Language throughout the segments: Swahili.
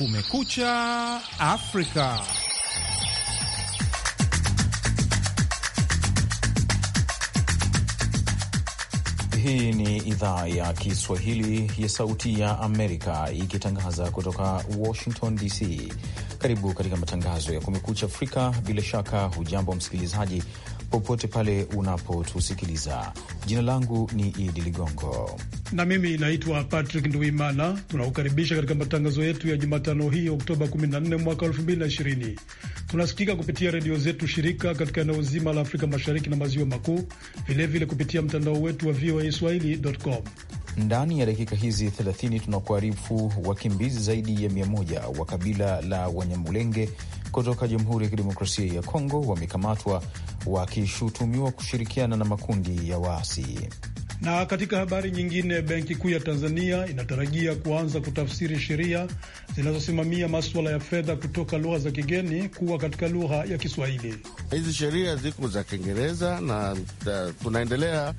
Kumekucha Afrika. Hii ni idhaa ya Kiswahili ya Sauti ya Amerika ikitangaza kutoka Washington DC. Karibu katika matangazo ya Kumekucha Afrika. Bila shaka, hujambo msikilizaji, popote pale unapotusikiliza. Jina langu ni Idi Ligongo na mimi naitwa Patrick Nduimana. Tunakukaribisha katika matangazo yetu ya Jumatano hii Oktoba 14 mwaka 2020. Tunasikika kupitia redio zetu shirika katika eneo zima la Afrika Mashariki na Maziwa Makuu, vilevile kupitia mtandao wetu wa VOA Swahili.com. Ndani ya dakika hizi 30 tunakuarifu wakimbizi zaidi ya 100 wa kabila la Wanyamulenge kutoka Jamhuri ya Kidemokrasia ya Kongo wamekamatwa wakishutumiwa kushirikiana na makundi ya waasi. Na katika habari nyingine, Benki Kuu ya Tanzania inatarajia kuanza kutafsiri sheria zinazosimamia maswala ya fedha kutoka lugha za kigeni kuwa katika lugha ya Kiswahili. Hizi sheria ziko za Kiingereza na tunaendelea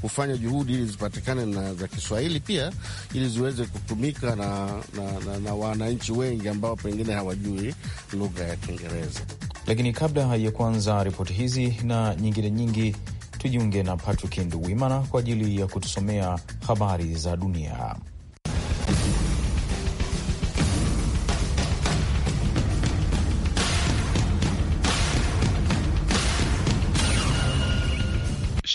kufanya juhudi ili zipatikane na za Kiswahili pia ili ziweze kutumika na, na, na, na wananchi wengi ambao pengine hawajui lugha ya Kiingereza. Lakini kabla ya kuanza ripoti hizi na nyingine nyingi tujiunge na Patrick Nduwimana kwa ajili ya kutusomea habari za dunia.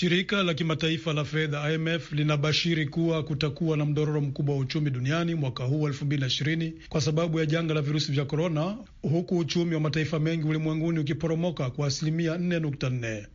Shirika la kimataifa la fedha IMF linabashiri kuwa kutakuwa na mdororo mkubwa wa uchumi duniani mwaka huu elfu mbili na ishirini kwa sababu ya janga la virusi vya korona, huku uchumi wa mataifa mengi ulimwenguni ukiporomoka kwa asilimia 4.4.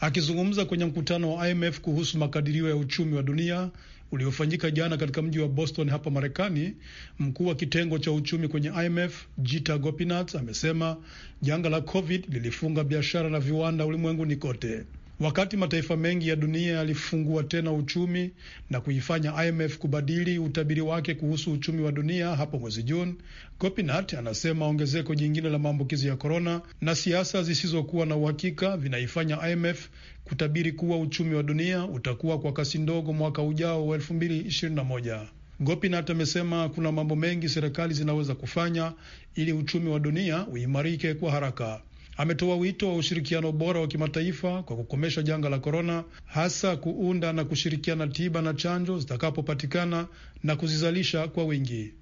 Akizungumza kwenye mkutano wa IMF kuhusu makadirio ya uchumi wa dunia uliofanyika jana katika mji wa Boston hapa Marekani, mkuu wa kitengo cha uchumi kwenye IMF Jita Gopinath amesema janga la COVID lilifunga biashara na viwanda ulimwenguni kote. Wakati mataifa mengi ya dunia yalifungua tena uchumi na kuifanya IMF kubadili utabiri wake kuhusu uchumi wa dunia hapo mwezi Juni, Copinat anasema ongezeko jingine la maambukizi ya korona na siasa zisizokuwa na uhakika vinaifanya IMF kutabiri kuwa uchumi wa dunia utakuwa kwa kasi ndogo mwaka ujao wa 2021. Gopinath amesema kuna mambo mengi serikali zinaweza kufanya ili uchumi wa dunia uimarike kwa haraka ametoa wito wa ushirikiano bora wa kimataifa kwa kukomesha janga la korona, hasa kuunda na kushirikiana tiba na chanjo zitakapopatikana na kuzizalisha kwa wingi.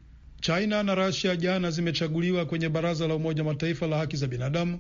China na Rasia jana zimechaguliwa kwenye baraza la Umoja Mataifa la haki za binadamu,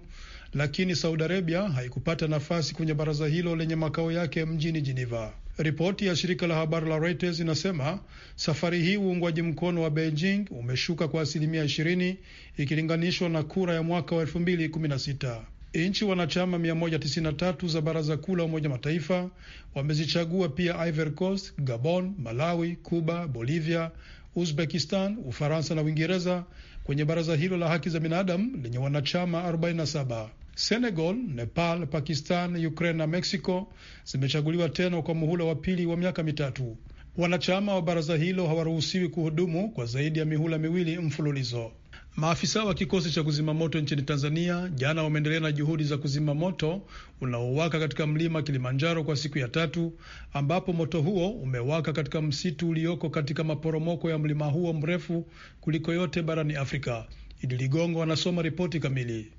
lakini Saudi Arabia haikupata nafasi kwenye baraza hilo lenye makao yake mjini Geneva. Ripoti ya shirika la habari la Reuters inasema safari hii uungwaji mkono wa Beijing umeshuka kwa asilimia 20 ikilinganishwa na kura ya mwaka wa 2016. Nchi wanachama 193 za Baraza Kuu la Umoja Mataifa wamezichagua pia Ivory Coast, Gabon, Malawi, Cuba, Bolivia, Uzbekistan, Ufaransa na Uingereza kwenye baraza hilo la haki za binadamu lenye wanachama 47. Senegal, Nepal, Pakistan, Ukraine na Mexico zimechaguliwa tena kwa muhula wa pili wa miaka mitatu. Wanachama wa baraza hilo hawaruhusiwi kuhudumu kwa zaidi ya mihula miwili mfululizo. Maafisa wa kikosi cha kuzima moto nchini Tanzania jana wameendelea na juhudi za kuzima moto unaowaka katika mlima Kilimanjaro kwa siku ya tatu, ambapo moto huo umewaka katika msitu ulioko katika maporomoko ya mlima huo mrefu kuliko yote barani Afrika. Idi Ligongo anasoma ripoti kamili.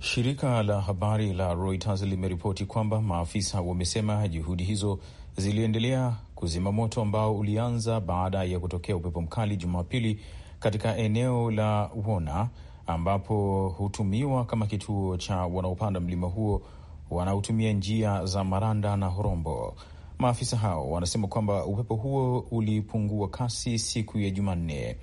Shirika la habari la Reuters limeripoti kwamba maafisa wamesema juhudi hizo ziliendelea kuzima moto ambao ulianza baada ya kutokea upepo mkali Jumapili katika eneo la Wona ambapo hutumiwa kama kituo cha wanaopanda mlima huo wanaotumia njia za Maranda na Horombo. Maafisa hao wanasema kwamba upepo huo ulipungua kasi siku ya Jumanne.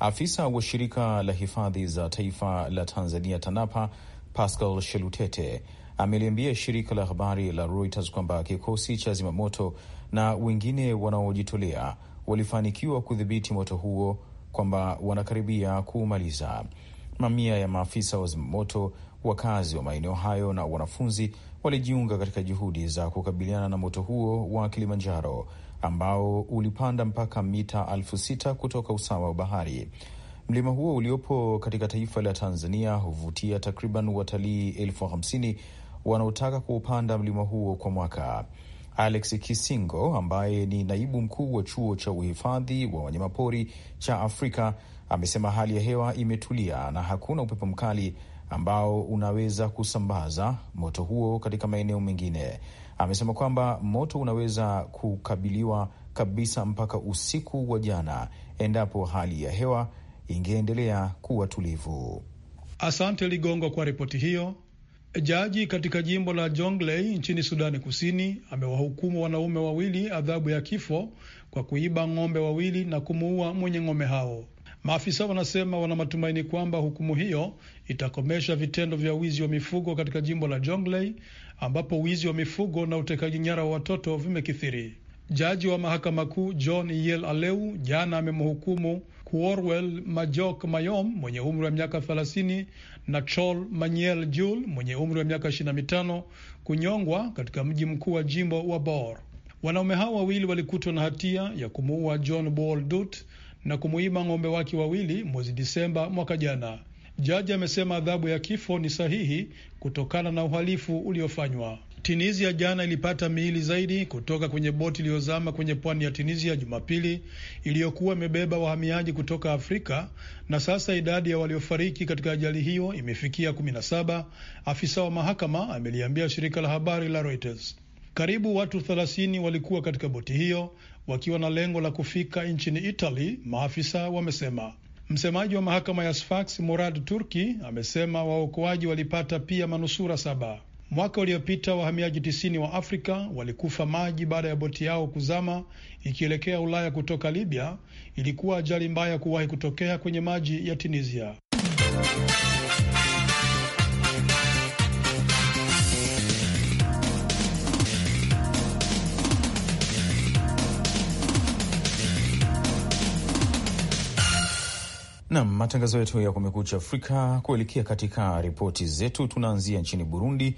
Afisa wa shirika la hifadhi za taifa la Tanzania TANAPA Pascal Shelutete ameliambia shirika la habari la Reuters kwamba kikosi cha zimamoto na wengine wanaojitolea walifanikiwa kudhibiti moto huo, kwamba wanakaribia kuumaliza. Mamia ya maafisa wa zimamoto, wakazi wa maeneo hayo na wanafunzi walijiunga katika juhudi za kukabiliana na moto huo wa Kilimanjaro ambao ulipanda mpaka mita elfu sita kutoka usawa wa bahari. Mlima huo uliopo katika taifa la Tanzania huvutia takriban watalii elfu hamsini wanaotaka kuupanda mlima huo kwa mwaka. Alex Kisingo ambaye ni naibu mkuu wa chuo cha uhifadhi wa wanyamapori cha Afrika amesema hali ya hewa imetulia na hakuna upepo mkali ambao unaweza kusambaza moto huo katika maeneo mengine. Amesema kwamba moto unaweza kukabiliwa kabisa mpaka usiku wa jana endapo hali ya hewa ingeendelea kuwa tulivu. Asante Ligongo kwa ripoti hiyo. Jaji katika jimbo la Jonglei nchini Sudani Kusini amewahukumu wanaume wawili adhabu ya kifo kwa kuiba ng'ombe wawili na kumuua mwenye ng'ombe hao. Maafisa wanasema wana matumaini kwamba hukumu hiyo itakomesha vitendo vya wizi wa mifugo katika jimbo la Jonglei ambapo wizi wa mifugo na utekaji nyara wa watoto vimekithiri. Jaji wa mahakama kuu John Yel Aleu jana amemhukumu Kuorwel Majok Mayom mwenye umri wa miaka 30 na Chol Maniel Jul mwenye umri wa miaka 25 kunyongwa katika mji mkuu wa jimbo wa Bor. Wanaume hao wawili walikutwa na hatia ya kumuua John Bol Dut na kumuima ng'ombe wake wawili mwezi Disemba mwaka jana. Jaji amesema adhabu ya kifo ni sahihi kutokana na uhalifu uliofanywa. Tunisia jana ilipata miili zaidi kutoka kwenye boti iliyozama kwenye pwani ya Tunisia Jumapili, iliyokuwa imebeba wahamiaji kutoka Afrika, na sasa idadi ya waliofariki katika ajali hiyo imefikia kumi na saba, afisa wa mahakama ameliambia shirika la habari la Reuters. Karibu watu 30 walikuwa katika boti hiyo wakiwa na lengo la kufika nchini Italy, maafisa wamesema. Msemaji wa mahakama ya Sfax Murad Turki amesema waokoaji walipata pia manusura saba. Mwaka uliopita wahamiaji tisini wa Afrika walikufa maji baada ya boti yao kuzama ikielekea Ulaya kutoka Libya. Ilikuwa ajali mbaya kuwahi kutokea kwenye maji ya Tunisia. Nam, matangazo yetu ya Kumekucha Afrika kuelekea katika ripoti zetu, tunaanzia nchini Burundi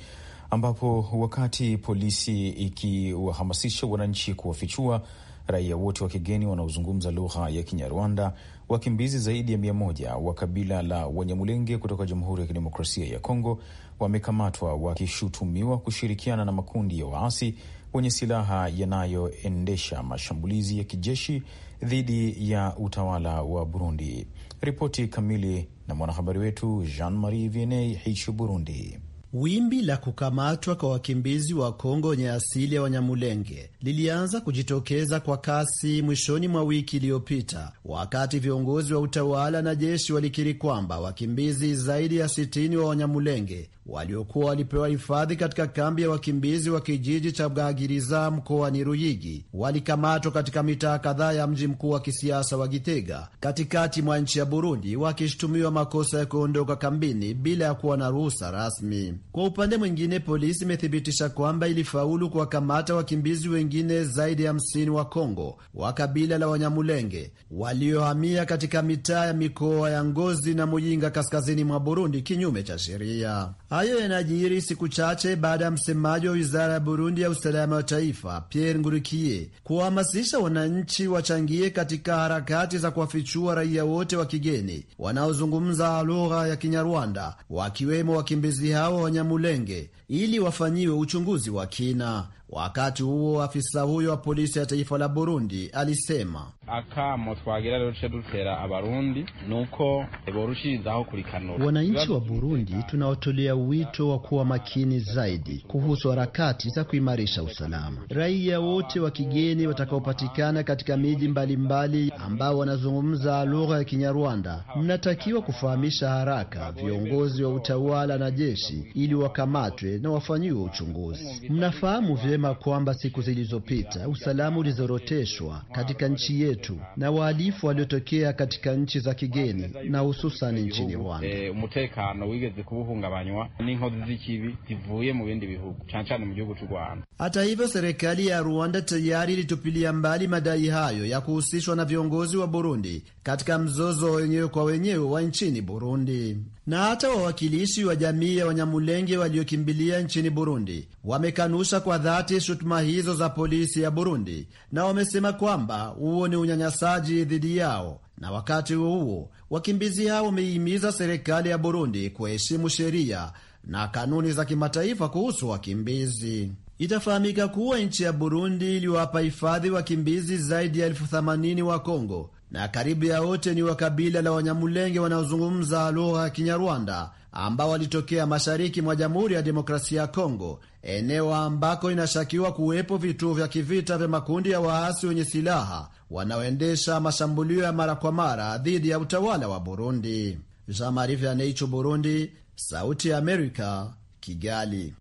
ambapo wakati polisi ikiwahamasisha wananchi kuwafichua raia wote wa kigeni wanaozungumza lugha ya Kinyarwanda, wakimbizi zaidi ya mia moja wa kabila la Wanyamulenge kutoka Jamhuri ya Kidemokrasia ya Kongo wamekamatwa wakishutumiwa kushirikiana na makundi ya waasi wenye silaha yanayoendesha mashambulizi ya kijeshi dhidi ya utawala wa Burundi. Ripoti kamili na mwanahabari wetu Jean Marie Vianney Hichu, Burundi. Wimbi la kukamatwa kwa wakimbizi wa Kongo wenye asili ya Wanyamulenge lilianza kujitokeza kwa kasi mwishoni mwa wiki iliyopita, wakati viongozi wa utawala na jeshi walikiri kwamba wakimbizi zaidi ya sitini wa Wanyamulenge waliokuwa walipewa hifadhi katika kambi ya wakimbizi wa kijiji cha Bwagiriza mkoani Ruyigi walikamatwa katika mitaa kadhaa ya mji mkuu wa kisiasa wa Gitega katikati mwa nchi ya Burundi, wakishutumiwa makosa ya kuondoka kambini bila ya kuwa na ruhusa rasmi. Kwa upande mwingine, polisi imethibitisha kwamba ilifaulu kuwakamata wakimbizi wengine zaidi ya hamsini wa Kongo wa kabila la Wanyamulenge waliohamia katika mitaa ya mikoa ya Ngozi na Muyinga kaskazini mwa Burundi kinyume cha sheria. Hayo yanajiri siku chache baada ya msemaji wa wizara ya Burundi ya usalama wa taifa Pierre Ngurikie kuwahamasisha wananchi wachangie katika harakati za kuwafichua raia wote wa kigeni wanaozungumza lugha ya Kinyarwanda, wakiwemo wakimbizi hao Wanyamulenge, ili wafanyiwe uchunguzi wa kina. Wakati huo, afisa huyo wa polisi ya taifa la Burundi alisema akamo twagira rero cyo dutera abarundi nuko borushirizaho kurikanura. Wananchi wa Burundi tunawatolea wito wa kuwa makini zaidi kuhusu harakati za kuimarisha usalama. Raia wote wa kigeni watakaopatikana katika miji mbalimbali ambao wanazungumza lugha ya Kinyarwanda, mnatakiwa kufahamisha haraka viongozi wa utawala na jeshi ili wakamatwe na wafanyiwe uchunguzi. Mnafahamu vyema kwamba siku zilizopita usalama ulizoroteshwa katika nchi yetu yetu na wahalifu waliotokea katika nchi za kigeni na hususan nchini Rwanda. Hata hivyo, serikali ya Rwanda tayari ilitupilia mbali madai hayo ya kuhusishwa na viongozi wa Burundi katika mzozo wenyewe kwa wenyewe wa nchini Burundi na hata wawakilishi wa jamii ya Wanyamulenge waliokimbilia nchini Burundi wamekanusha kwa dhati shutuma hizo za polisi ya Burundi, na wamesema kwamba huo ni unyanyasaji dhidi yao, na wakati huo huo wakimbizi hao wameihimiza serikali ya Burundi kuheshimu sheria na kanuni za kimataifa kuhusu wakimbizi. Itafahamika kuwa nchi ya Burundi iliwapa hifadhi wakimbizi zaidi ya elfu themanini wa Kongo na karibu ya wote ni wa kabila la Wanyamulenge wanaozungumza lugha ya Kinyarwanda ambao walitokea mashariki mwa Jamhuri ya Demokrasia ya Kongo, eneo ambako inashakiwa kuwepo vituo vya kivita vya makundi ya waasi wenye silaha wanaoendesha mashambulio ya mara kwa mara dhidi ya utawala wa Burundi. Jean Marie Vianney, Burundi, Sauti ya Amerika, Kigali.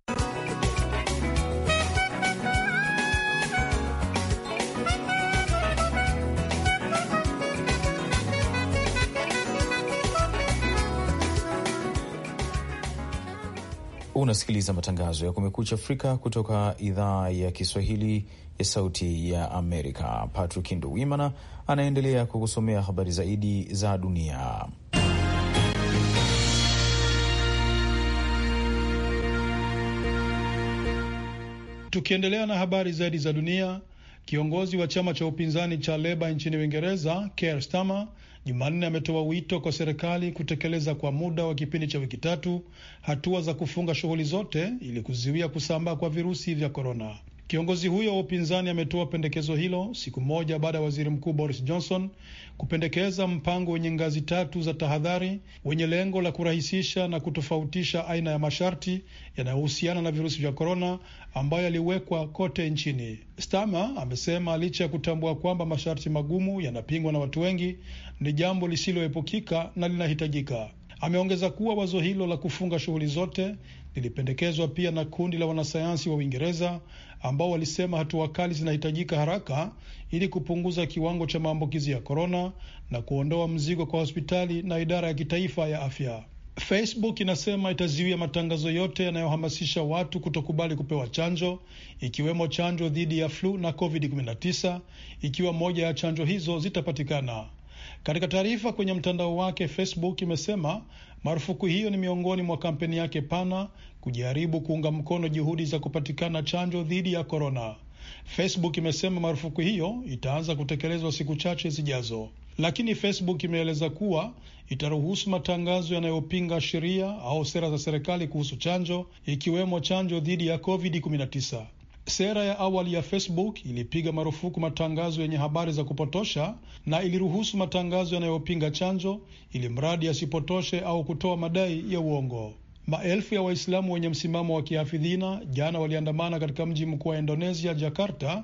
Unasikiliza matangazo ya Kumekucha Afrika kutoka idhaa ya Kiswahili ya Sauti ya Amerika. Patrick Nduwimana anaendelea kukusomea habari zaidi za dunia. Tukiendelea na habari zaidi za dunia, kiongozi wa chama cha upinzani cha Leba nchini Uingereza Keir Starmer Jumanne ametoa wito kwa serikali kutekeleza kwa muda wa kipindi cha wiki tatu hatua za kufunga shughuli zote ili kuzuia kusambaa kwa virusi vya korona. Kiongozi huyo wa upinzani ametoa pendekezo hilo siku moja baada ya waziri mkuu Boris Johnson kupendekeza mpango wenye ngazi tatu za tahadhari wenye lengo la kurahisisha na kutofautisha aina ya masharti yanayohusiana na virusi vya korona ambayo yaliwekwa kote nchini. Stama amesema licha ya kutambua kwamba masharti magumu yanapingwa na watu wengi, ni jambo lisiloepukika na linahitajika. Ameongeza kuwa wazo hilo la kufunga shughuli zote lilipendekezwa pia na kundi la wanasayansi wa Uingereza ambao walisema hatua kali zinahitajika haraka ili kupunguza kiwango cha maambukizi ya korona na kuondoa mzigo kwa hospitali na idara ya kitaifa ya afya. Facebook inasema itazuia matangazo yote yanayohamasisha watu kutokubali kupewa chanjo ikiwemo chanjo dhidi ya flu na COVID-19 ikiwa moja ya chanjo hizo zitapatikana. Katika taarifa kwenye mtandao wake, Facebook imesema marufuku hiyo ni miongoni mwa kampeni yake pana kujaribu kuunga mkono juhudi za kupatikana chanjo dhidi ya korona. Facebook imesema marufuku hiyo itaanza kutekelezwa siku chache zijazo, lakini Facebook imeeleza kuwa itaruhusu matangazo yanayopinga sheria au sera za serikali kuhusu chanjo, ikiwemo chanjo dhidi ya COVID-19. Sera ya awali ya Facebook ilipiga marufuku matangazo yenye habari za kupotosha na iliruhusu matangazo yanayopinga chanjo ili mradi asipotoshe au kutoa madai ya uongo. Maelfu ya Waislamu wenye msimamo wa kihafidhina jana waliandamana katika mji mkuu wa Indonesia, Jakarta,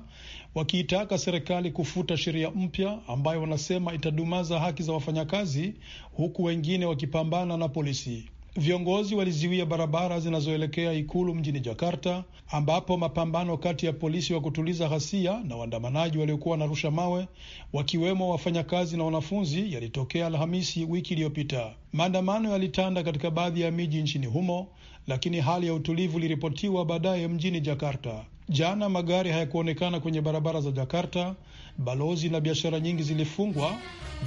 wakiitaka serikali kufuta sheria mpya ambayo wanasema itadumaza haki za wafanyakazi, huku wengine wakipambana na polisi. Viongozi waliziwia barabara zinazoelekea ikulu mjini Jakarta, ambapo mapambano kati ya polisi wa kutuliza ghasia na waandamanaji waliokuwa wanarusha mawe, wakiwemo wafanyakazi na wanafunzi, yalitokea Alhamisi wiki iliyopita. Maandamano yalitanda katika baadhi ya miji nchini humo, lakini hali ya utulivu iliripotiwa baadaye mjini Jakarta. Jana magari hayakuonekana kwenye barabara za Jakarta. Balozi na biashara nyingi zilifungwa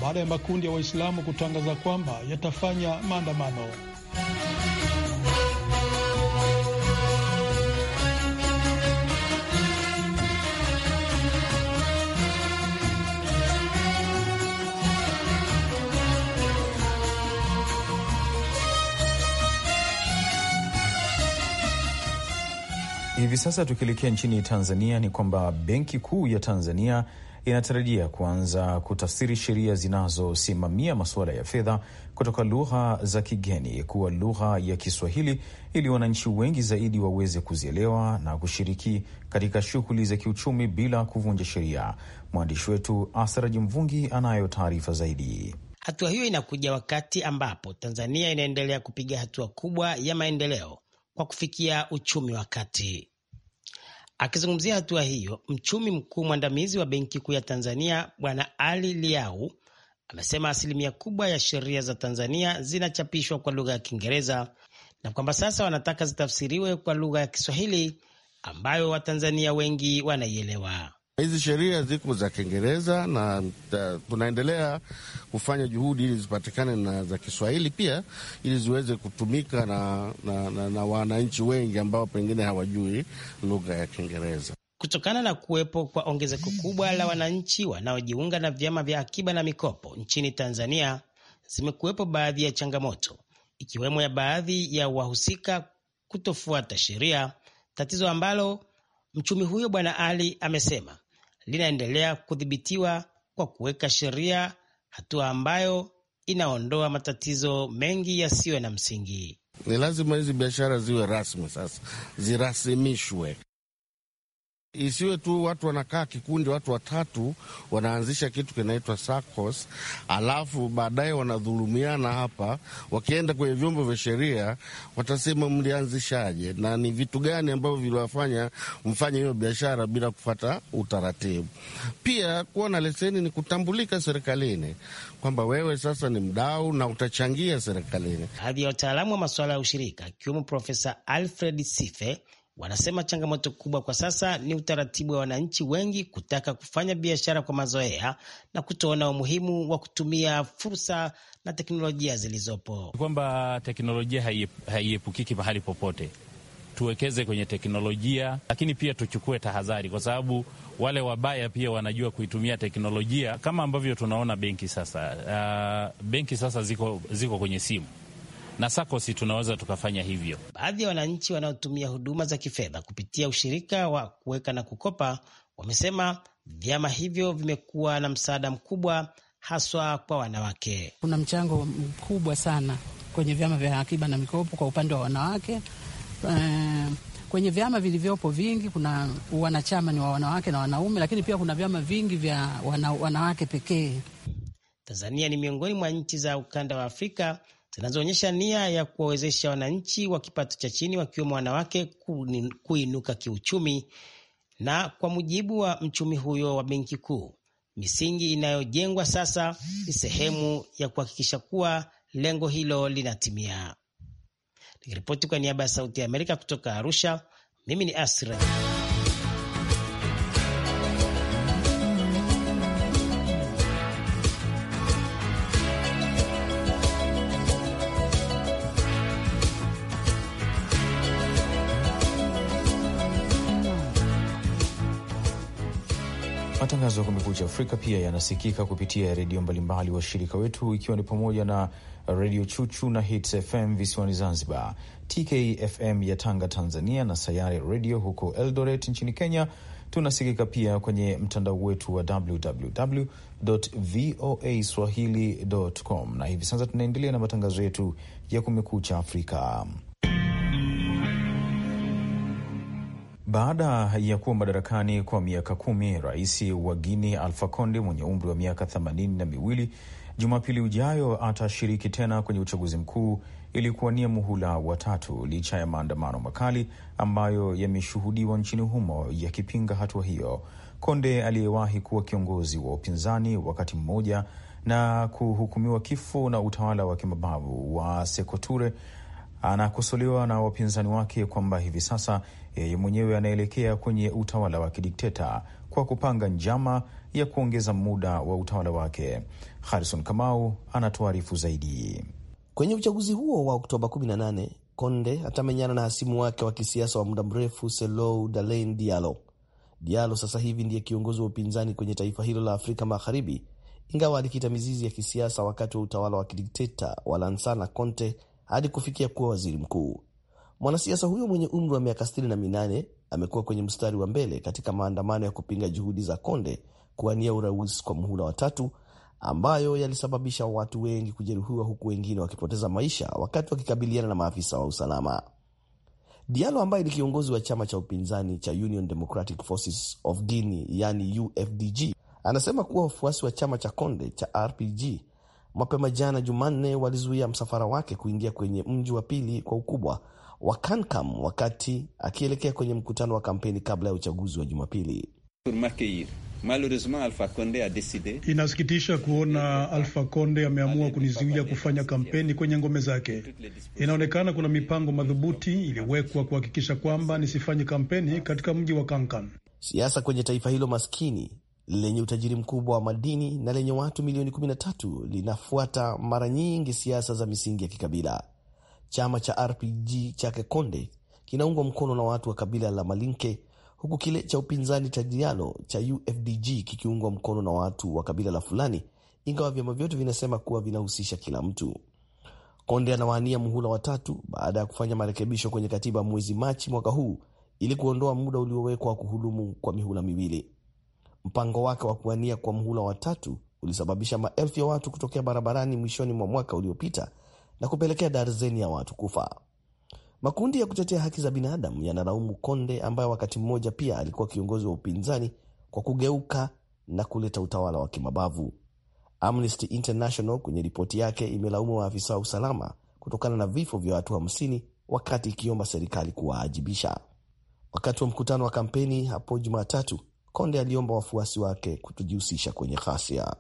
baada ya makundi ya Waislamu kutangaza kwamba yatafanya maandamano. Hivi sasa tukielekea nchini Tanzania ni kwamba Benki Kuu ya Tanzania inatarajia kuanza kutafsiri sheria zinazosimamia masuala ya fedha kutoka lugha za kigeni kuwa lugha ya Kiswahili ili wananchi wengi zaidi waweze kuzielewa na kushiriki katika shughuli za kiuchumi bila kuvunja sheria. Mwandishi wetu Asraji Mvungi anayo taarifa zaidi. Hatua hiyo inakuja wakati ambapo Tanzania inaendelea kupiga hatua kubwa ya maendeleo kwa kufikia uchumi wa kati. Akizungumzia hatua hiyo, mchumi mkuu mwandamizi wa Benki Kuu ya Tanzania Bwana Ali Liau amesema asilimia kubwa ya sheria za Tanzania zinachapishwa kwa lugha ya Kiingereza na kwamba sasa wanataka zitafsiriwe kwa lugha ya Kiswahili ambayo Watanzania wengi wanaielewa. Hizi sheria ziko za Kiingereza na uh, tunaendelea kufanya juhudi ili zipatikane na za Kiswahili pia ili ziweze kutumika na, na, na, na wananchi wengi ambao pengine hawajui lugha ya Kiingereza. Kutokana na kuwepo kwa ongezeko kubwa la wananchi wanaojiunga na vyama vya akiba na mikopo nchini Tanzania, zimekuwepo baadhi ya changamoto ikiwemo ya baadhi ya wahusika kutofuata sheria, tatizo ambalo mchumi huyo Bwana Ali amesema linaendelea kudhibitiwa kwa kuweka sheria, hatua ambayo inaondoa matatizo mengi yasiyo na msingi. Ni lazima hizi biashara ziwe rasmi, sasa zirasimishwe. Isiwe tu watu wanakaa kikundi, watu watatu wanaanzisha kitu kinaitwa SACCOS, alafu baadaye wanadhulumiana hapa. Wakienda kwenye vyombo vya sheria, watasema mlianzishaje na ni vitu gani ambavyo viliwafanya mfanye hiyo biashara bila kufata utaratibu. Pia kuwa na leseni ni kutambulika serikalini kwamba wewe sasa ni mdau na utachangia serikalini. Baadhi ya wataalamu wa masuala ya ushirika akiwemo Profesa Alfred Sife Wanasema changamoto kubwa kwa sasa ni utaratibu wa wananchi wengi kutaka kufanya biashara kwa mazoea na kutoona umuhimu wa kutumia fursa na teknolojia zilizopo, kwamba teknolojia haiepukiki mahali popote. Tuwekeze kwenye teknolojia, lakini pia tuchukue tahadhari, kwa sababu wale wabaya pia wanajua kuitumia teknolojia, kama ambavyo tunaona benki sasa. Uh, benki sasa ziko, ziko kwenye simu na sakosi tunaweza tukafanya hivyo. Baadhi ya wananchi wanaotumia huduma za kifedha kupitia ushirika wa kuweka na kukopa wamesema vyama hivyo vimekuwa na msaada mkubwa haswa kwa wanawake. Kuna mchango mkubwa sana kwenye vyama vya akiba na mikopo kwa upande wa wanawake. E, kwenye vyama vilivyopo vingi kuna wanachama ni wa wanawake na wanaume, lakini pia kuna vyama vingi vya wana, wanawake pekee. Tanzania ni miongoni mwa nchi za ukanda wa Afrika zinazoonyesha nia ya kuwawezesha wananchi wa kipato cha chini wakiwemo wanawake kuinuka kiuchumi. Na kwa mujibu wa mchumi huyo wa benki kuu, misingi inayojengwa sasa ni sehemu ya kuhakikisha kuwa lengo hilo linatimia. Nikiripoti kwa niaba ya Sauti ya Amerika kutoka Arusha, mimi ni Asra. Kumekucha Afrika pia yanasikika kupitia redio mbalimbali washirika wetu, ikiwa ni pamoja na redio Chuchu na Hits FM visiwani Zanzibar, TKFM ya Tanga Tanzania, na Sayare redio huko Eldoret nchini Kenya. Tunasikika pia kwenye mtandao wetu wa www voa swahili com, na hivi sasa tunaendelea na matangazo yetu ya Kumekucha Afrika. Baada ya kuwa madarakani kwa miaka kumi, rais wa Guini Alfa Conde mwenye umri wa miaka themanini na miwili Jumapili ujayo atashiriki tena kwenye uchaguzi mkuu ili kuwania muhula wa tatu licha ya maandamano makali ambayo yameshuhudiwa nchini humo yakipinga hatua hiyo. Konde aliyewahi kuwa kiongozi wa upinzani wakati mmoja na kuhukumiwa kifo na utawala wa kimabavu wa Sekoture anakosolewa na wapinzani wake kwamba hivi sasa yeye mwenyewe anaelekea kwenye utawala wa kidikteta kwa kupanga njama ya kuongeza muda wa utawala wake. Harrison Kamau anatuarifu zaidi. Kwenye uchaguzi huo wa Oktoba 18 Konde atamenyana na hasimu wake wa kisiasa wa muda mrefu Selou Dalein Dialo. Dialo sasa hivi ndiye kiongozi wa upinzani kwenye taifa hilo la Afrika Magharibi, ingawa alikita mizizi ya kisiasa wakati wa utawala wa kidikteta wa Lansana Conte hadi kufikia kuwa waziri mkuu. Mwanasiasa huyo mwenye umri wa miaka 68 amekuwa kwenye mstari wa mbele katika maandamano ya kupinga juhudi za Konde kuwania urais kwa muhula watatu ambayo yalisababisha watu wengi kujeruhiwa huku wengine wakipoteza maisha wakati wakikabiliana na maafisa wa usalama. dialo ambaye ni kiongozi wa chama cha upinzani cha Union Democratic Forces of Guinea, yani UFDG, anasema kuwa wafuasi wa chama cha Konde cha RPG mapema jana Jumanne walizuia msafara wake kuingia kwenye mji wa pili kwa ukubwa wa Kankam wakati akielekea kwenye mkutano wa kampeni kabla ya uchaguzi wa Jumapili. Inasikitisha kuona Alfa Konde ameamua kunizuia kufanya kampeni kwenye ngome zake. Inaonekana kuna mipango madhubuti iliyowekwa kuhakikisha kwamba nisifanye kampeni katika mji wa Kankan. Siasa kwenye taifa hilo maskini lenye utajiri mkubwa wa madini na lenye watu milioni 13 linafuata mara nyingi siasa za misingi ya kikabila. Chama cha RPG chake Konde kinaungwa mkono na watu wa kabila la Malinke, huku kile cha upinzani cha Dialo cha UFDG kikiungwa mkono na watu wa kabila la Fulani, ingawa vyama vyote vinasema kuwa vinahusisha kila mtu. Konde anawania muhula watatu baada ya kufanya marekebisho kwenye katiba mwezi Machi mwaka huu ili kuondoa muda uliowekwa wa kuhudumu kwa mihula miwili. Mpango wake wa kuwania kwa mhula wa tatu ulisababisha maelfu ya watu kutokea barabarani mwishoni mwa mwaka uliopita na kupelekea darzeni ya watu kufa. Makundi ya kutetea haki za binadamu yanalaumu Konde ambaye wakati mmoja pia alikuwa kiongozi wa upinzani kwa kugeuka na kuleta utawala wa kimabavu. Amnesty International kwenye ripoti yake imelaumu maafisa wa usalama kutokana na vifo vya watu hamsini wa wakati ikiomba serikali kuwaajibisha. Wakati wa mkutano wa kampeni hapo Jumatatu, Konde aliomba wafuasi wake kutojihusisha kwenye ghasia.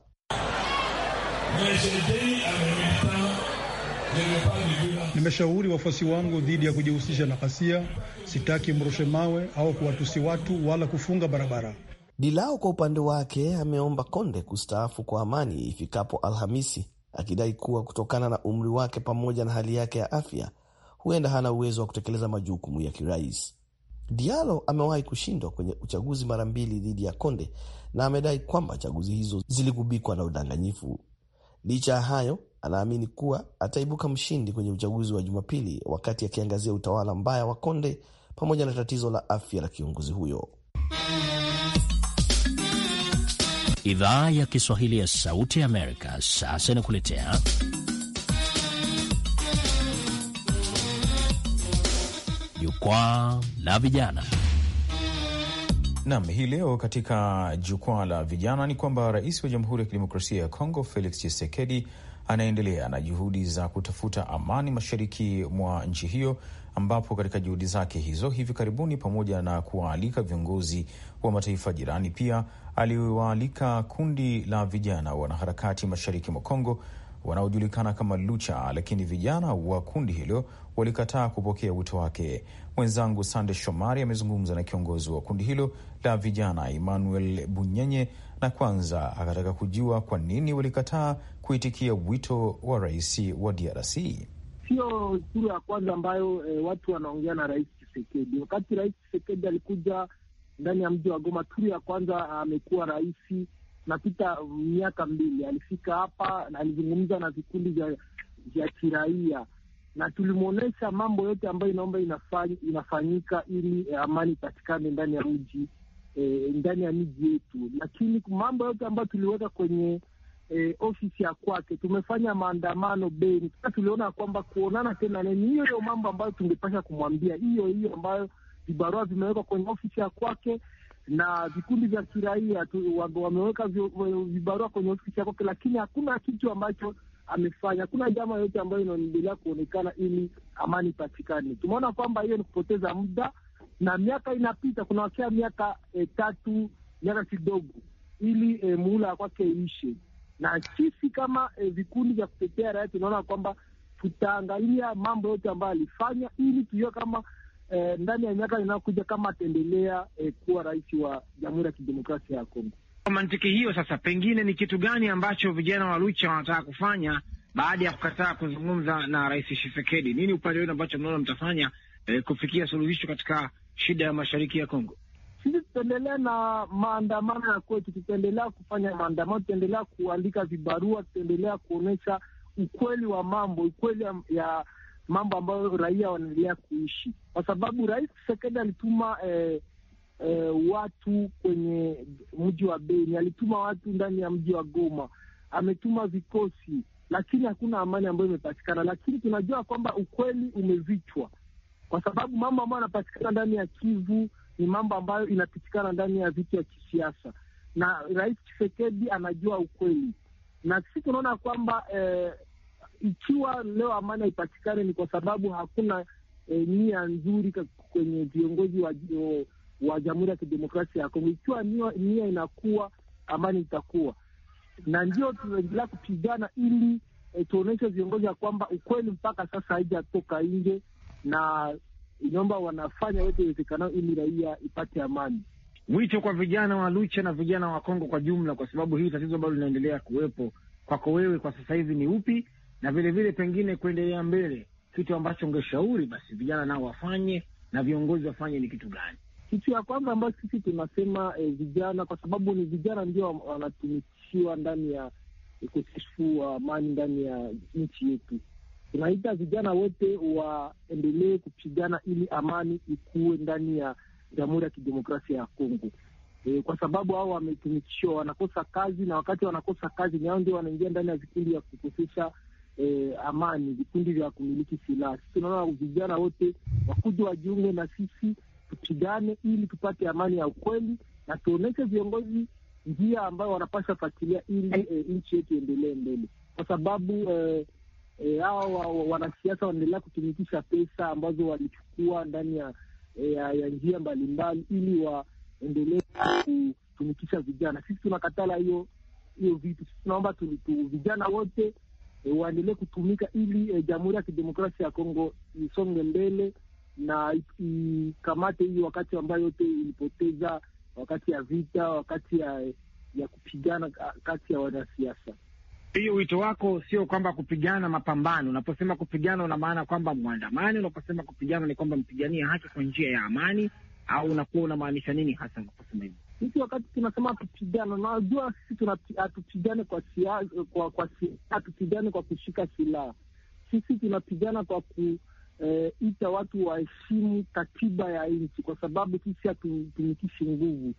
Nimeshauri wafuasi wangu dhidi ya kujihusisha na ghasia. Sitaki mrushe mawe au kuwatusi watu wala kufunga barabara. Dilao kwa upande wake ameomba Konde kustaafu kwa amani ifikapo Alhamisi, akidai kuwa kutokana na umri wake pamoja na hali yake ya afya huenda hana uwezo wa kutekeleza majukumu ya kirais. Diallo amewahi kushindwa kwenye uchaguzi mara mbili dhidi ya Konde na amedai kwamba chaguzi hizo ziligubikwa na udanganyifu. Licha ya hayo, anaamini kuwa ataibuka mshindi kwenye uchaguzi wa Jumapili, wakati akiangazia utawala mbaya wa Konde pamoja na tatizo la afya la kiongozi huyo. Idhaa ya Kiswahili ya Sauti ya Amerika sasa inakuletea jukwaa la vijana. Nam, hii leo katika jukwaa la vijana ni kwamba rais wa Jamhuri ya Kidemokrasia ya Kongo Felix Tshisekedi anaendelea na juhudi za kutafuta amani mashariki mwa nchi hiyo, ambapo katika juhudi zake hizo hivi karibuni, pamoja na kuwaalika viongozi wa mataifa jirani, pia aliwaalika kundi la vijana wanaharakati mashariki mwa Kongo wanaojulikana kama Lucha, lakini vijana wa kundi hilo walikataa kupokea wito wake. Mwenzangu Sande Shomari amezungumza na kiongozi wa kundi hilo la vijana Emmanuel Bunyenye, na kwanza akataka kujua kwa nini walikataa kuitikia wito wa rais wa DRC. Sio siku ya kwanza ambayo e, watu wanaongea na rais Chisekedi. Wakati rais Chisekedi alikuja ndani ya mji wa Goma, turu ya kwanza amekuwa raisi napita miaka mbili alifika hapa na alizungumza na vikundi vya vya kiraia na tulimwonyesha mambo yote ambayo inaomba inafany, inafanyika ili eh, amani ipatikane ndani ya mji eh, ndani ya miji yetu, lakini mambo yote ambayo tuliweka kwenye eh, ofisi ya kwake, tumefanya maandamano Beni. Tuliona kwamba kuonana tena ni hiyo hiyo mambo ambayo tungepasha kumwambia, hiyo hiyo ambayo vibarua vimewekwa kwenye ofisi ya kwake na vikundi vya kiraia tu wameweka vibarua kwenye ofisi yako, lakini hakuna kitu ambacho amefanya. Hakuna jama yoyote ambayo inaendelea kuonekana ili amani ipatikane. Tumeona kwamba hiyo ni kupoteza muda na miaka inapita, wakia miaka e, tatu miaka kidogo ili e, muhula ya kwake ishe, na sisi kama e, vikundi vya kutetea raia tunaona kwamba tutaangalia mambo yote ambayo alifanya ili tujue kama eh, ndani ya miaka inayokuja kama ataendelea eh, kuwa rais wa Jamhuri ya Kidemokrasia ya Kongo. Kwa mantiki hiyo sasa, pengine ni kitu gani ambacho vijana wa Lucha wanataka kufanya baada ya kukataa kuzungumza na Rais Tshisekedi? Nini upande wenu ambacho mnaona mtafanya eh, kufikia suluhisho katika shida ya mashariki ya Kongo? Sisi tutaendelea na maandamano ya kwetu, tutaendelea kufanya maandamano, tutaendelea kuandika vibarua, tutaendelea kuonyesha ukweli wa mambo, ukweli ya mambo ambayo raia wanaendelea kuishi, kwa sababu Rais Tshisekedi alituma eh, eh, watu kwenye mji wa Beni, alituma watu ndani ya mji wa Goma, ametuma vikosi, lakini hakuna amani ambayo imepatikana. Lakini tunajua kwamba ukweli umevichwa, kwa sababu mambo ambayo yanapatikana ndani ya Kivu ni mambo ambayo inapitikana ndani ya vitu ya kisiasa, na Rais Tshisekedi anajua ukweli na sisi tunaona kwamba eh, ikiwa leo amani haipatikane ni kwa sababu hakuna e, nia nzuri kwenye viongozi wa, wa Jamhuri ya Kidemokrasia ya Kongo. Ikiwa nia, nia inakuwa amani itakuwa, na ndio tunaendelea kupigana ili e, eh, tuonyeshe viongozi ya kwamba ukweli mpaka sasa haijatoka nje, na inaomba wanafanya yote iwezekanao ili raia ipate amani. Wito kwa vijana wa Lucha na vijana wa Kongo kwa jumla, kwa sababu hili tatizo bado linaendelea kuwepo, kwako wewe kwa sasa hivi ni upi? na vilevile pengine kuendelea mbele, kitu ambacho ungeshauri basi vijana nao wafanye na viongozi wafanye ni kitu gani? Kitu ya kwanza ambayo sisi tunasema e, vijana, kwa sababu ni vijana ndio wanatumishiwa ndani ya ukosefu wa amani ndani ya nchi yetu, tunaita vijana wote waendelee kupigana ili amani ikuwe ndani ya Jamhuri ya Kidemokrasia ya Kongo. E, kwa sababu hao wametumikishiwa, wanakosa kazi, na wakati wanakosa kazi ni hao ndio wanaingia ndani ya vikundi ya kukosesha eh, amani, vikundi vya kumiliki silaha. Sisi tunaona vijana wote wakuja wajiunge na sisi, tupigane ili tupate amani ya ukweli na tuonyeshe viongozi njia ambayo wanapasha fuatilia ili eh, nchi yetu iendelee mbele, kwa sababu eh, eh hawa wa, wanasiasa wanaendelea kutumikisha pesa ambazo walichukua ndani ya, eh, ya, ya njia mbalimbali ili waendelee kutumikisha vijana. Sisi tunakatala hiyo hiyo vitu. Sisi tunaomba vijana wote Eh, waendelee kutumika ili e, Jamhuri ya Kidemokrasia ya Kongo isonge mbele na ikamate hii wakati ambayo yote ilipoteza wakati ya vita, wakati ya, ya kupigana kati ya wanasiasa. Hiyo wito wako sio kwamba kupigana mapambano. Unaposema kupigana, una maana kwamba mwandamani? Unaposema kupigana, ni kwamba mpiganie haki kwa njia ya amani, au unakuwa unamaanisha nini hasa unaposema hivyo? Hiki wakati tunasema tupigana, najua sisi hatupigane kwa siasa, kwa, hatupigane kwa kushika silaha. Sisi tunapigana kwa kuita eh, e, watu waheshimu katiba ya nchi, kwa sababu sisi hatutumikishi nguvu,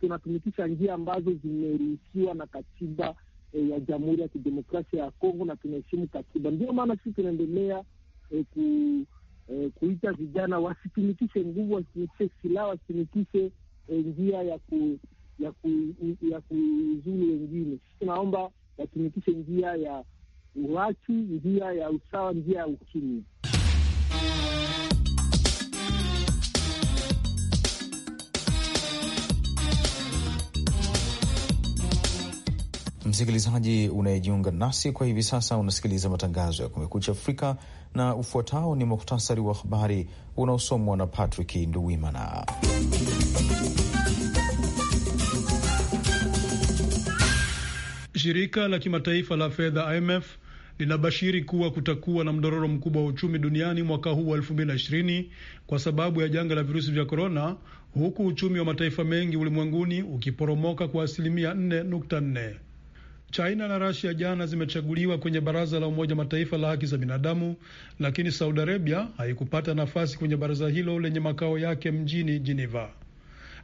tunatumikisha njia ambazo zimeruhusiwa na katiba e, ya Jamhuri ya Kidemokrasia ya Kongo, na tunaheshimu katiba. Ndio maana sisi tunaendelea e, ku, e, kuita vijana wasitumikishe nguvu, wasitumikishe silaha, wasitumikishe Eh, njia ya ku ya kuuzuru wengine. Tunaomba watumikishe njia ya uwatu, njia ya usawa, njia ya ukimya. Msikilizaji unayejiunga nasi kwa hivi sasa, unasikiliza matangazo ya Kumekucha Afrika na ufuatao ni muhtasari wa habari unaosomwa na Patrick Nduwimana. Shirika la kimataifa la fedha IMF linabashiri kuwa kutakuwa na mdororo mkubwa wa uchumi duniani mwaka huu wa 2020 kwa sababu ya janga la virusi vya korona, huku uchumi wa mataifa mengi ulimwenguni ukiporomoka kwa asilimia 4.4. China na Rasia jana zimechaguliwa kwenye baraza la Umoja Mataifa la haki za binadamu, lakini Saudi Arabia haikupata nafasi kwenye baraza hilo lenye makao yake mjini Geneva.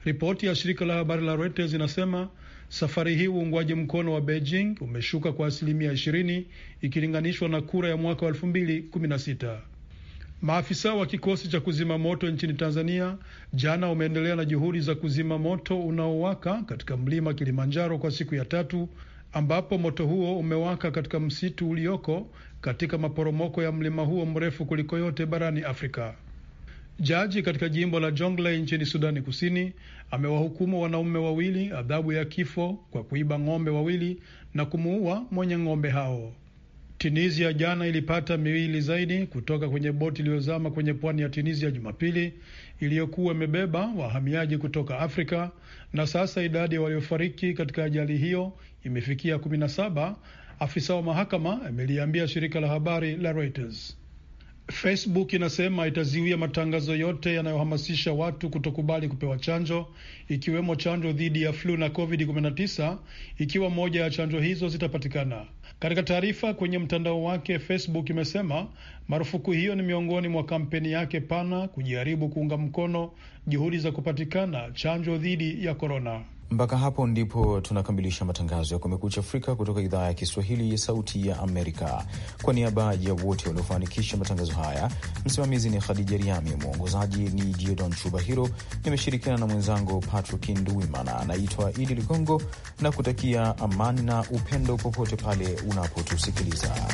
Ripoti ya shirika la habari la Reuters inasema safari hii uungwaji mkono wa Beijing umeshuka kwa asilimia ishirini ikilinganishwa na kura ya mwaka wa elfu mbili kumi na sita. Maafisa wa kikosi cha kuzima moto nchini Tanzania jana umeendelea na juhudi za kuzima moto unaowaka katika mlima Kilimanjaro kwa siku ya tatu, ambapo moto huo umewaka katika msitu ulioko katika maporomoko ya mlima huo mrefu kuliko yote barani Afrika. Jaji katika jimbo la Jonglei nchini Sudani Kusini amewahukumu wanaume wawili adhabu ya kifo kwa kuiba ng'ombe wawili na kumuua mwenye ng'ombe hao. Tunisia jana ilipata miili zaidi kutoka kwenye boti iliyozama kwenye pwani ya Tunisia Jumapili, iliyokuwa imebeba wahamiaji kutoka Afrika, na sasa idadi ya waliofariki katika ajali hiyo imefikia kumi na saba. Afisa wa mahakama ameliambia shirika la habari la Reuters. Facebook inasema itaziwia matangazo yote yanayohamasisha watu kutokubali kupewa chanjo ikiwemo chanjo dhidi ya flu na COVID-19 ikiwa moja ya chanjo hizo zitapatikana. Katika taarifa kwenye mtandao wake, Facebook imesema marufuku hiyo ni miongoni mwa kampeni yake pana kujaribu kuunga mkono juhudi za kupatikana chanjo dhidi ya korona. Mpaka hapo ndipo tunakamilisha matangazo ya Kumekucha Afrika kutoka idhaa ya Kiswahili ya Sauti ya Amerika. Kwa niaba ya wote waliofanikisha matangazo haya, msimamizi ni Khadija Riami, mwongozaji ni Jiodon Chubahiro. Nimeshirikiana na mwenzangu Patrick nduimana Anaitwa Idi Ligongo na kutakia amani na upendo popote pale unapotusikiliza.